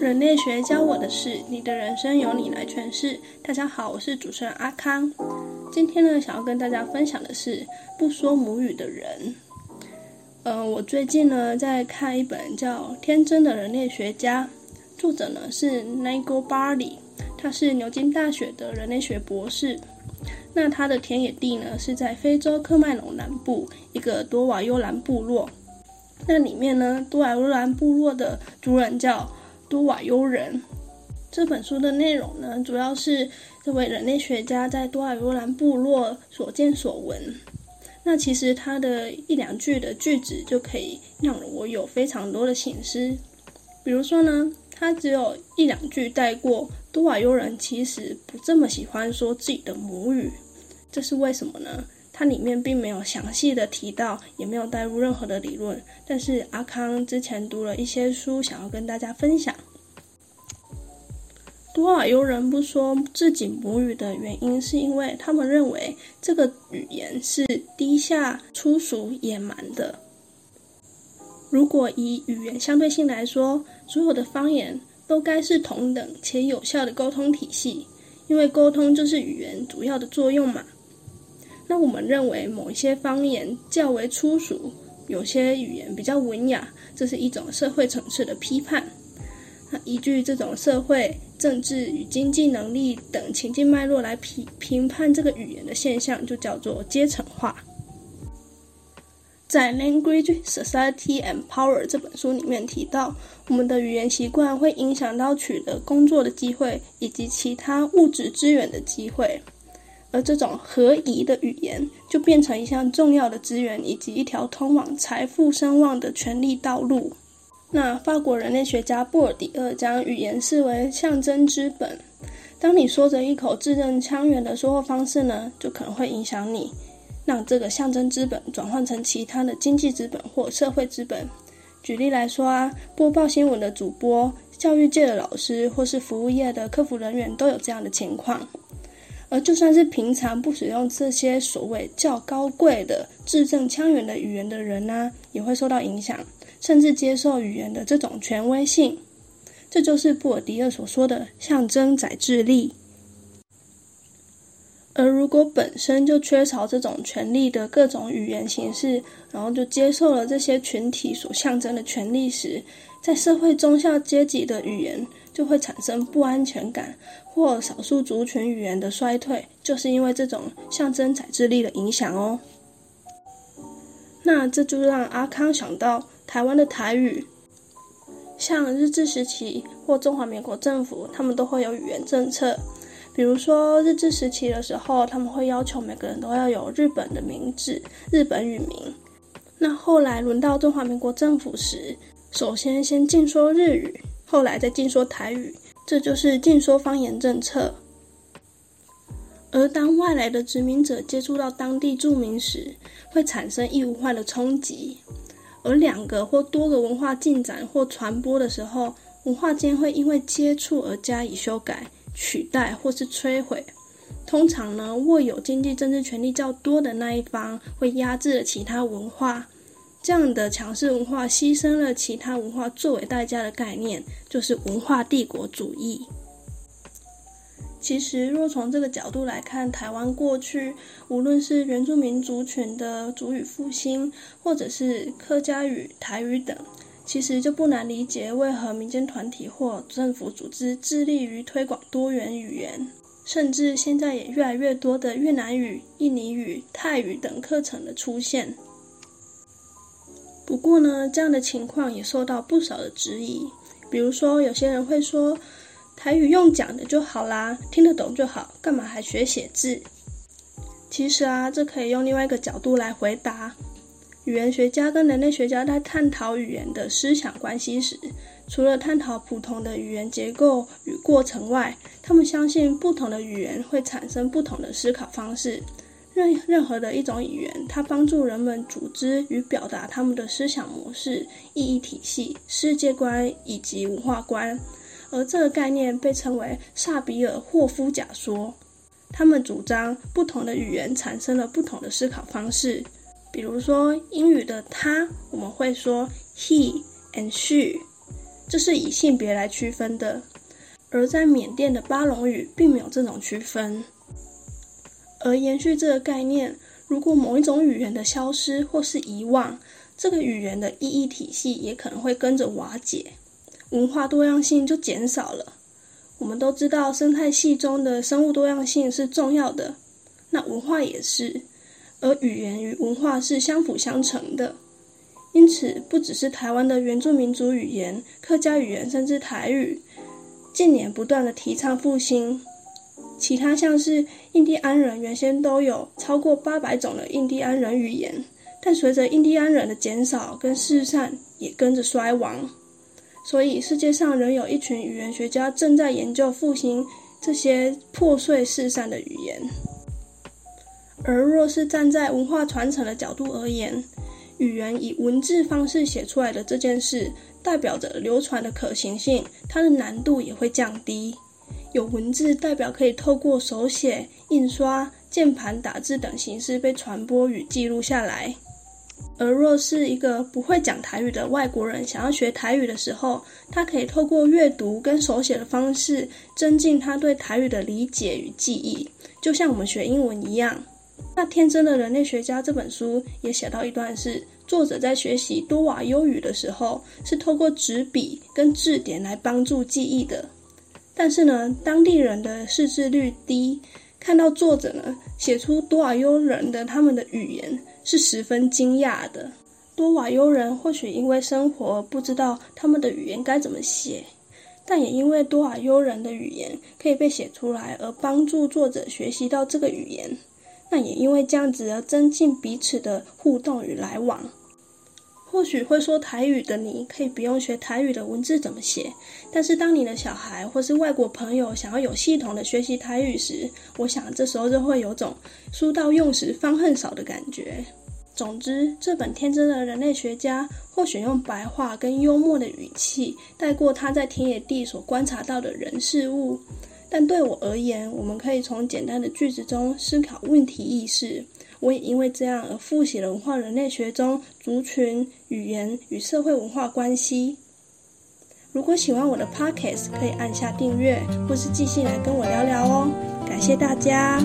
人類學教我的是，你的人生由你來詮釋。大家好，我是主持人阿康。今天呢，想要跟大家分享的是，不說母語的人。呃，我最近呢在看一本叫《天真的人類學家》，作者呢是 Nigel Barley，他是牛津大學的人類學博士。那他的田野地呢是在非洲喀麥隆南部一個多瓦悠蘭部落。那裡面呢，多瓦悠蘭部落的主人叫多瓦悠人。這本書的內容呢，主要是這位人類學家在多瓦悠蘭部落所見所聞。那其實他的一兩句的句子就可以讓我有非常多的省思。比如說呢，他只有一兩句帶過多瓦悠人其實不這麼喜歡說自己的母語，這是為什麼呢？它裡面並沒有詳細的提到，也沒有帶入任何的理論。但是阿康之前讀了一些書，想要跟大家分享。多瓦悠人不說自己母語的原因，是因為他們認為這個語言是低下、粗俗、野蠻的。如果以語言相對性來說，所有的方言都該是同等且有效的溝通體系，因為溝通就是語言主要的作用嘛。那我們認為某一些方言較為粗俗，有些語言比較文雅，這是一種社會層次的批判。那依據這種社會、政治與經濟能力等情境脈絡來評評判這個語言的現象，就叫做階層化。在《Language, Society and Power》這本書裡面提到，我們的語言習慣會影響到取得工作的機會以及其他物質資源的機會。而這種合宜的語言，就變成一項重要的資源，以及一條通往財富、聲望的權力道路。那法國人類學家布爾迪厄將語言視為象徵資本。當你說着一口字正腔圓的說話方式呢，就可能會影響你，讓這個象徵資本轉換成其他的經濟資本或社會資本。舉例來說啊，播報新聞的主播、教育界的老師，或是服務業的客服人員，都有這樣的情況。而就算是平常不使用這些所謂較高貴的字正腔圓的語言的人呢、啊，也會受到影響，甚至接受語言的這種權威性。這就是布爾迪厄所說的象徵宰制力。而如果本身就缺少這種權力的各種語言形式，然後就接受了這些群體所象徵的權利時，在社會中下階級的語言，就會產生不安全感，或少數族群語言的衰退，就是因為這種象徵宰制力的影響哦。那這就讓阿康想到台灣的台語，像日治時期或中華民國政府，他們都會有語言政策。比如說日治時期的時候，他們會要求每個人都要有日本的名字、日本語名。那後來輪到中華民國政府時，首先先禁說日語。後來再禁說台語，這就是禁說方言政策。而當外來的殖民者接觸到當地住民時，會產生異文化衝擊。而兩個或多個文化進展或傳播的時候，文化間會因為接觸而加以修改、取代或是摧毀。通常呢，握有經濟、政治權力較多的那一方會壓制了其他文化。這樣的強勢文化犧牲了其他文化作為代價的概念，就是文化帝國主義。其實，若從這個角度來看，台灣過去無論是原住民族群的族語復興，或者是客家語、台語等，其實就不難理解為何民間團體或政府組織致力於推廣多元語言，甚至現在也越來越多的越南語、印尼語、泰語等課程的出現。不過呢，這樣的情況也受到不少的質疑。比如說，有些人會說，台語用講的就好啦，聽得懂就好，幹嘛還學寫字？其實啊，這可以用另外一個角度來回答。語言學家跟人類學家在探討語言的思想關係時，除了探討普通的語言結構與過程外，他們相信不同的語言會產生不同的思考方式。任任何的一種語言，它幫助人們組織與表達他們的思想模式、意義體系、世界觀以及文化觀，而這個概念被稱為薩比爾霍夫假說。他們主張不同的語言產生了不同的思考方式，比如說英語的他，我們會說 he and she，這是以性別來區分的，而在緬甸的巴隆語並沒有這種區分。而延續這個概念，如果某一種語言的消失或是遺忘，這個語言的意義體系也可能會跟着瓦解，文化多樣性就減少了。我們都知道生態系中的生物多樣性是重要的，那文化也是，而語言與文化是相輔相成的，因此不只是台灣的原住民族語言、客家語言，甚至台語，近年不斷地提倡復興。其他像是印第安人，原先都有超過八百種的印第安人語言，但隨着印第安人的減少跟失散也跟着衰亡。所以世界上仍有一群語言學家正在研究復興這些破碎失散的語言。而若是站在文化傳承的角度而言，語言以文字方式寫出來的這件事，代表着流傳的可行性，它的難度也會降低。有文字代表可以透過手寫、印刷、鍵盤打字等形式被傳播與記錄下來。而若是一個不會講台語的外國人想要學台語的時候，他可以透過閱讀跟手寫的方式增進他對台語的理解與記憶，就像我們學英文一樣。那天真的人類學家這本書也寫到一段是，是作者在學習多瓦悠語的時候，是透過紙筆跟字典來幫助記憶的。但是呢，當地人的識字率低，看到作者呢寫出多瓦悠人的他們的語言是十分驚訝的。多瓦悠人或許因為生活不知道他們的語言該怎麼寫，但也因為多瓦悠人的語言可以被寫出來而幫助作者學習到這個語言，那也因為這樣子而增進彼此的互動與來往。或許會說台語的你，可以不用學台語的文字怎麼寫。但是，當你的小孩或是外國朋友想要有系統的學習台語時，我想這時候就會有種“書到用時方恨少”的感覺。總之，這本天真的人類學家，或許用白話跟幽默的語氣，帶過他在田野地所觀察到的人事物。但對我而言，我們可以從簡單的句子中思考問題意識。我也因為這樣而複習了文化人類學中族群、語言與社會文化關係。如果喜歡我的 podcast，可以按下訂閱，或是寄信來跟我聊聊哦。感謝大家。